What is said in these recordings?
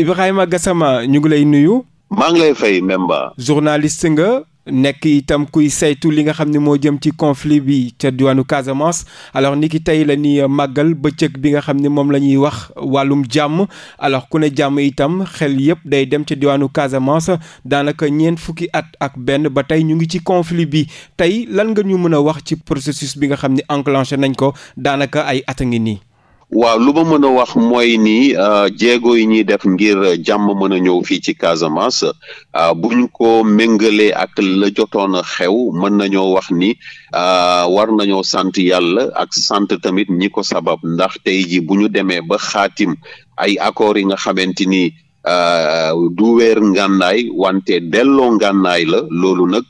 Ibrahima Gassama ñu ngi lay nuyu. maa ngi lay fay Mbemba. journaliste nga. nekk itam kuy saytu li nga xam ne moo jëm ci conflit bi ca diwaanu Casamance alors ni ki tey la ñuy màggal bëccëg bi nga xam ne moom la ñuy wax wàllum jàmm alors ku ne jàmm itam xel yëpp day dem ca diwaanu Casamance daanaka ñeent fukki at ak benn ba tey ñu ngi ci conflit bi tey lan nga ñu mën a wax ci processus bi nga xam ne enclenché nañ ko daanaka ay at a ngi nii. waaw lu ma mën a wax mooy ni euh, jéego yi ñuy def ngir jàmm mën a ñëw fii ci Casamance euh, bu ñu ko méngalee ak la jotoon a xew mën nañoo wax ni euh, war nañoo sant yàlla ak sant tamit ñi ko sabab ndax tey ji bu ñu demee ba xaatim ay accords yi nga xamante ni du weer ngànnaay wante delloo ngànnaay la loolu nag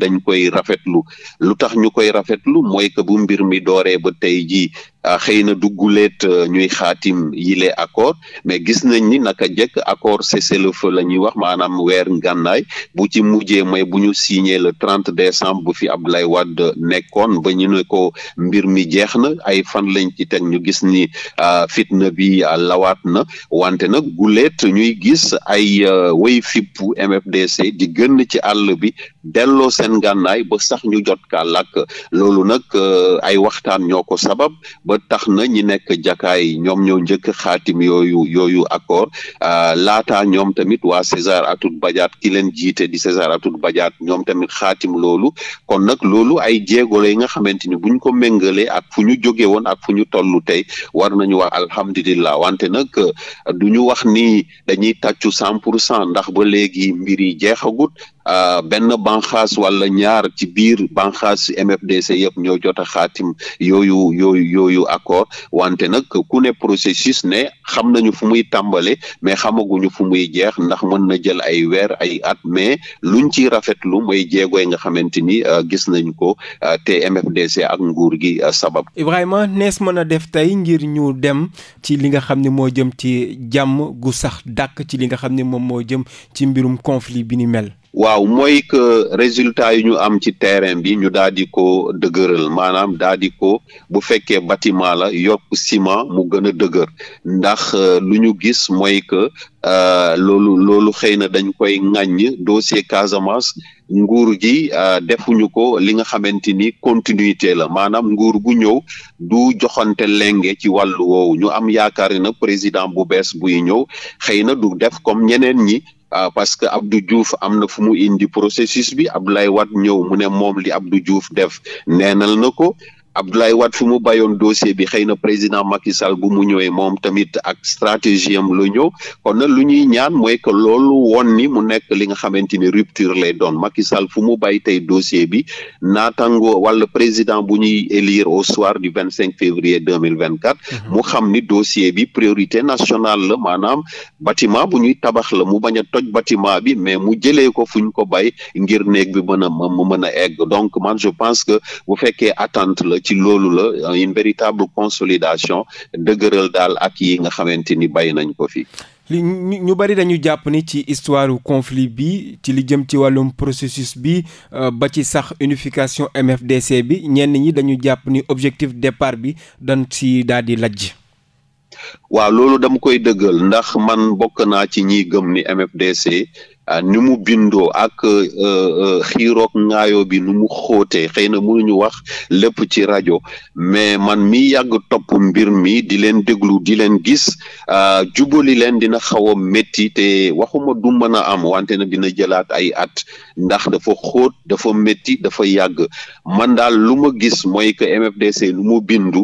dañ koy rafetlu lu tax ñu koy rafetlu mooy que bu mbir mi dooree ba tey jii Euh, xëy na dugguleet euh, ñuy xaatim yile accord mais gis nañ ni naka jekk accord cessez le la ñuy wax maanaam weer ngànnaay bu ci mujjee may bu ñu signé le 30 décembre bu fi Abdoulaye Wade nekkoon ba ñu ne ko mbir mi jeex na ay fan lañ ci teg ñu gis ni euh, fitna bi lawaat na wante nag guleet ñuy gis ay way fippu MFDC di gën ci àll bi delloo seen ngànnaay ba sax ñu jot kàllak loolu nag ay waxtaan ñoo ko sabab ba tax na ñi nekk jakaay ñoom ñoo njëkk xaatim yooyu yooyu accord euh, laata ñoom tamit waa César Atoute Badiate ki leen jiite di César Atoute ñoom tamit xaatim loolu kon nag loolu ay jéego la yi nga xamante ni buñ ko méngalee ak fu ñu jóge woon ak fu ñu tollu tey war nañu wax alhamdulillah wante nag euh, duñu wax ni dañuy tàccu cent pour cent ndax ba léegi mbir yi jeexagut Euh, benn banxaas wala ñaar ci biir banxaas MFDC yëpp ñoo jot a xaatim yooyu yooyu yooyu accord wante nag ku ne processus ne xam nañu fu muy tàmbale mais xamaguñu fu muy jeex ndax mën na jël ay weer ay at mais luñ ci rafetlu mooy jéego yi nga xamante ni euh, gis nañ ko euh, te MFDC ak nguur gi sabab. Ibrahima nees mën a def tey ngir ñu dem ci li nga xam ne moo jëm ci jàmm gu sax dàkk ci li nga xam ne moom moo jëm ci mbirum conflit bi ni mel. waaw mooy que résultat yi ñu am ci terrain bi ñu daal di ko dëgëral maanaam daal di ko bu fekkee bâtiment la yokk ciment mu gën a dëgër ndax euh, lu ñu gis mooy que uh, loolu loolu xëy na dañ koy ŋàññ dossier Casamance nguur gi uh, defuñu ko li nga xamante ni continuité la maanaam nguur gu ñëw du joxante lenge ci wàllu woowu ñu am yaakaar na président bu bees buy ñëw xëy na du def comme ñeneen ñi Euh, parce que Abdou juuf am na fu mu indi processus bi lay Wade ñëw mu ne moom li Abdou juuf def neenal na ko Abdoulaye Wade fu mu bayoon dossier bi xëy na président Macky bu mu ñëwee moom tamit ak stratégie am la ñëw kon nag lu ñuy ñaan mooy que loolu woon ni mu nekk li nga xamante ni rupture lay doon Macky fu mu bay tey dossier bi naatango wala président bu ñuy élire au soir du vingt cinq février deux mille vingt quatre mhm. mu xam ni dossier bi priorité nationale la maanaam bâtiment bu ñuy tabax la mu bañ a toj bâtiment bi mais mu jëlee ko fu ñu ko bay ngir néeg bi mën a mu mën a egg donc man je pense que bu fekkee attente la ci loolu la euh, une véritable consolidation dëgëral daal ak yi nga xamante ni bàyyi nañ ko fi. ñu bari dañu jàpp ni ci histoire conflit bi ci li jëm ci wàllum processus bi euh, ba ci sax unification MFDC bi ñenn ñi dañu jàpp ni objectif départ bi dañ ci daal di lajj. waaw loolu dama koy dëggal ndax man bokk naa ci ñiy gëm ni MFDC Ah, ni mu bindoo ak euh, euh, xiiroog ŋaayoo bi nu mu xóotee xëy na mënuñu wax lépp ci rajo mais man mi yàgg topp mbir mi di leen déglu di leen gis ah, jubali leen dina xawa a te waxuma du mën a am wante na dina jëlaat ay at ndax dafa xóot dafa métti dafa yàgg man daal lu ma gis mooy que MFDC nu mu bindu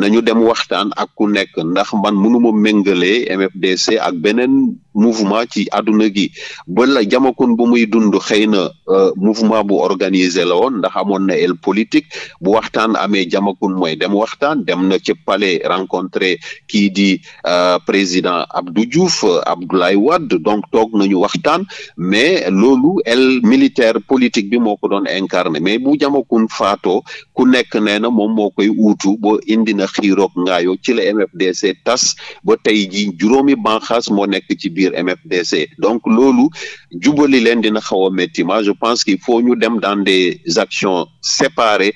nañu dem waxtaan ak ku nekk ndax man mënuma méngalee MFDC ak beneen mouvement ci àdduna gi ba la jamakon bu muy dund xëy na euh, mouvement bu organiser la woon ndax amoon na el politique bu waxtaan amee jamakon mooy dem waxtaan dem na ci palais rencontré kii di euh, président Abdou Diouf Abdoulaye Wade donc toog nañu waxtaan mais loolu el militaire politique bi moo ko doon incarné mais bu jamakoun faatoo ku nekk nee na moom moo koy uutu ba indi na xiiroog ngaayoo ci la MFDC tas ba tey ji juróomi banxaas moo nekk ci biir biir MFDC donc loolu jubali leen dina xaw a métti moi je pense qu'il faut ñu dem dans des actions séparées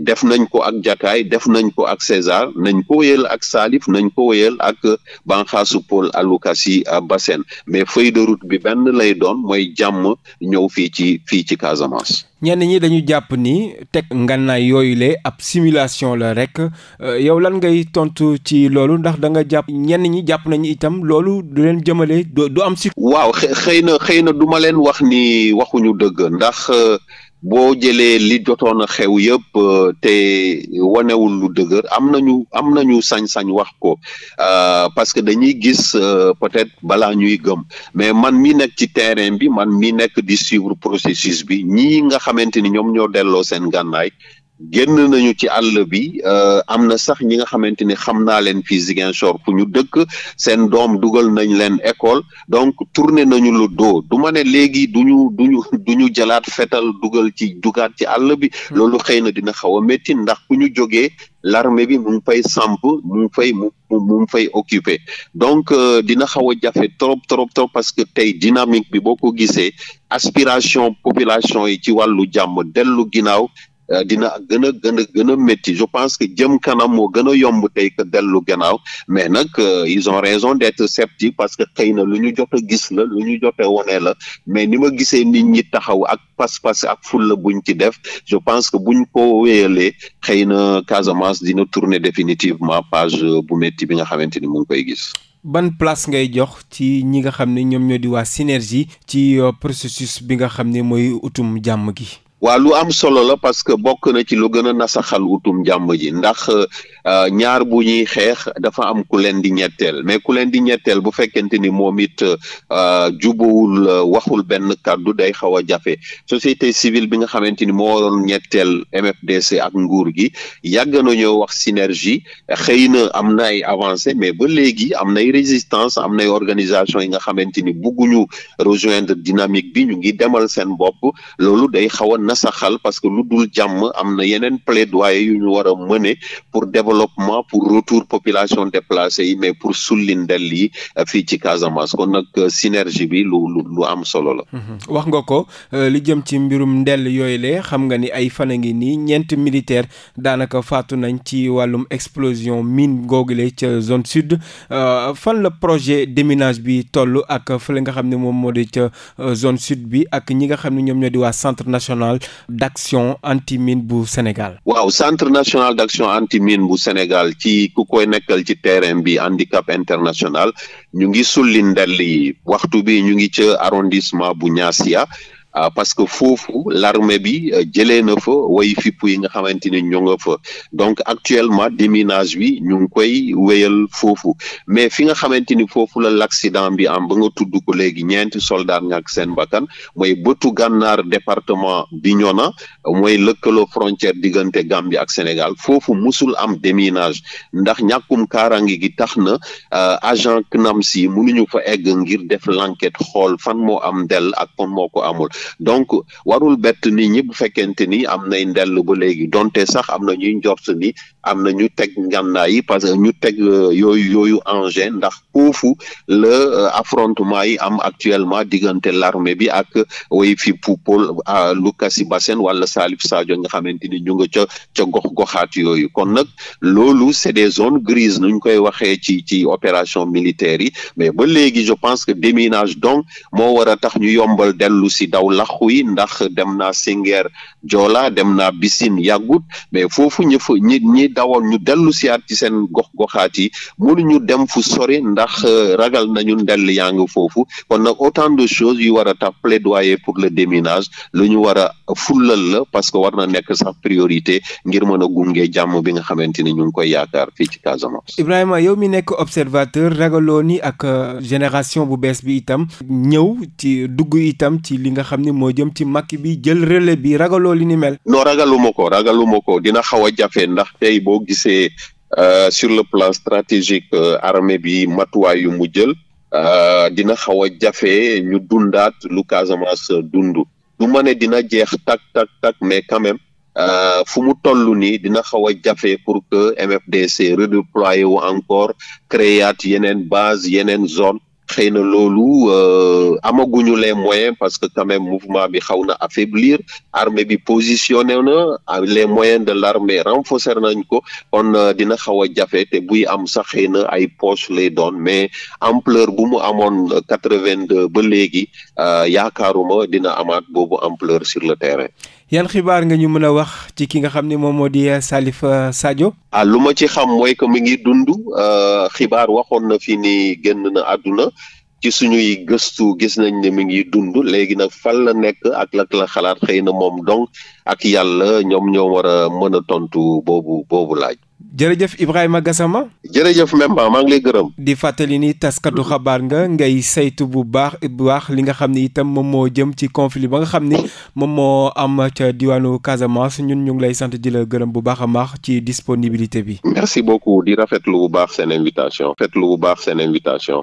def nañ ko ak jakaay def nañ ko ak César nañ ko wéyal ak Salif nañ ko wéyal ak banxaasu Paul Alukasi Bassène mais feuille de bi benn lay doon mooy jàmm ñëw fii ci fii ci Casamance. ñenn ñi dañu jàpp ni teg ngànnaay yooyu le ab simulation la rek euh, yow lan ngay tontu ci loolu ndax danga jàpp ñenn ñi jàpp nañu itam loolu du leen jëmale du am si. waaw xëy na xëy na du leen wax ni waxuñu dëgg ndax. Euh, boo jëlee li jotoon a xew yëpp euh, te wanewul lu dëgër am nañu am nañu sañ-sañ wax ko euh, parce que dañuy gis euh, peut-être balaa ñuy gëm mais man mi nekk ci terrain bi man mi nekk di suivre processus bi ñii nga xamante ni ñoom ñoo delloo seen gànnaay génn nañu ci àll bi euh, am na sax ñi nga xamante ni xam naa leen fii Ziguinchor fu ñu dëkk seen doom dugal nañ leen école donc tourné nañu le dos du ma ne léegi ñu du ñu jëlaat fetal dugal ci dugat ci àll bi hmm. loolu xëy na dina xaw a métti ndax fu ñu jógee l'armée bi mu ngi fay samp mu fay mu fay occupé donc euh, dina xaw a jafe trop trop trop parce que tey dynamique bi boo ko gisee aspiration population yi ci wàllu jàmm dellu ginnaaw Euh, dina gën a gën a gën métti je pense que jëm kanam moo gën a yomb tey que dellu gannaaw mais nag euh, ils ont raison d'être sceptiques parce que xëy na lu ñu jot a gis la lu ñu jot a wone la mais ni ma gisee nit ñi taxaw ak pas-pas ak fulla buñ ci def je pense que buñ ko wéyalee xëy na Casamance dina tourner définitivement page euh, bu métti bi nga xamante ni mu ngi koy gis. ban place ngay jox ci ñi nga xam ne ñoom ñoo di waa synergie ci processus bi nga xam ne mooy utum jàmm gi. waa am solo la parce que bokk na ci lu gën a nasaxal utum jàmm ji ndax euh, ñaar bu ñuy xeex dafa am ku leen di ñetteel mais ku leen di ñetteel bu fekkente ni moom it euh, jubawul euh, waxul benn kàddu day xaw a jafe société civile bi nga xamante ni moo waroon ñetteel MFDC ak nguur gi yàgg nañoo wax synergie xëy na am na ay avancé mais ba léegi am nay résistance am nay organisation yi nga xamante ni bugguñu rejoindre dynamique bi ñu ngi demal seen bopp loolu day xaw a nasaxal parce que lu dul jàmm am na yeneen plaidoyer yu ñu war a mëne pour développement pour retour population déplacée yi mais pour sulli ndel yi euh, fii ci Casamance kon nag euh, synergie bi lu am solo la. Mhm. wax nga ko euh, li jëm ci mbirum ndel yooyu le xam nga ni ay fan a ngi nii ñeenti militaire daanaka faatu nañ ci wàllum explosion mine googule ca zone sud fan la projet déminage bi toll ak fële nga xam ne moom moo di ca zone sud bi ak ñi nga xam ne ñoom ñoo d'action antimine bu Sénégal. waaw centre national d'action antimine bu Sénégal ci ku koy nekkal ci terrain bi handicap international ñu ngi sulli ndel waxtu bi ñu ngi ca arrondissement bu Niassia. Euh, parce que foofu l'armée bi euh, jëlee na fa way fipp yi nga xamante ni ñu nga fa donc actuellement déminage bi ñu ngi koy wéyal foofu mais fi nga xamante ni foofu la l'accident bi am ba nga tudd ko léegi ñeenti soldat ñàkk seen bakkan mooy bëtu gànnaar département Bignona mooy lëkkaloo frontière diggante Gambie ak Sénégal foofu musul am déminage ndax ñàkkum kaaraange gi tax na euh, agent CNAMS yi mënuñu fa egg ngir def l'enquête xool fan moo am del ak fan moo ko amul donc warul bett nit ñi bu fekkente ni am nay ndell ba léegi donte sax am na ñuy njort ni am na ñu teg ngànnaay yi parce que ñu teg euh, yooyu yooyu engin ndax foofu la euh, affrontement yi am actuellement diggante l'armée bi ak euh, way fi Poupol Lukasi Bassène wala Salif Sadio nga xamante ni ñu nga ca ca gox goxaat yooyu kon nag loolu c'est des zones grises nuñ koy waxee ci ci opération militaire yi mais ba léegi je pense que déminage donc moo war a tax ñu yombal dellu si daw laxu yi ndax dem naa Singuère Joola dem naa Bisin yàggut mais foofu ñu fa ñi dawoon ñu dellu siyaat ci seen gox-goxaat yi ñu dem fu sori ndax euh, ragal nañu ndell yaa foofu kon nag autant de chose yi war a tax plaidoyer pour le déminage lu ñu war a fullal la parce que war na nekk sax priorité ngir mën a gunge jàmm bi nga xamante ne ñu ngi koy yaakaar fii ci Casamance. Ibrahima yow mi nekk observateur ragaloo ni ak euh, génération bu bees bi itam ñëw ci dugg itam ci li nga xam ni ne moo jëm ci Macky bi jël rele bi ragaloo li ni mel. non ragaluma ko ragaluma ko dina xaw a jafe ndax tey boo gisee euh, sur le plan stratégique euh, bi matuwaay yu mu jël euh, dina xaw a jafe ñu dundaat lu Casamance dund du ma dina jeex tak tak tak mais quand même. Euh, fu mu toll nii dina xaw a jafe pour que MFDC redéployer wu encore créer yeneen base yeneen zone xëy na loolu euh, amaguñu les moyens parce que quand même mouvement bi xaw na affaiblir armée bi positionné na les moyens de l' armée renforcer nañ ko kon euh, dina xaw a jafe te buy am sax xëy na ay poche lay doon mais ampleur bu mu amoon quatre vingt deux ba léegi euh, yaakaaruma dina amaat boobu ampleur sur le terrain. yan xibaar nga ñu mën a wax ci ki nga xam ni moom moo di Salif Sadio. ah lu ma ci xam mooy que mi ngi dund xibaar waxoon na fi ni génn na àdduna. ci suñuy gëstu gis nañ ne mi ngi dund léegi nag fan la nekk ak lak la xalaat xëy na moom dong ak yàlla ñoom ñoo war a mën a tontu boobu boobu laaj. jërëjëf Ibrahima Gassama. jërëjëf Mbemba maa ngi lay gërëm. di fàttali ni taskatu xabaar nga ngay saytu bu baax bu baax li nga xam ni itam moom moo jëm ci conflit ba nga xam ni moom moo am ca diwaanu Casamance ñun ñu ngi lay sant di la gërëm bu baax a baax ci disponibilité bi. merci beaucoup di rafetlu bu baax seen invitation. rafetlu bu baax seen invitation.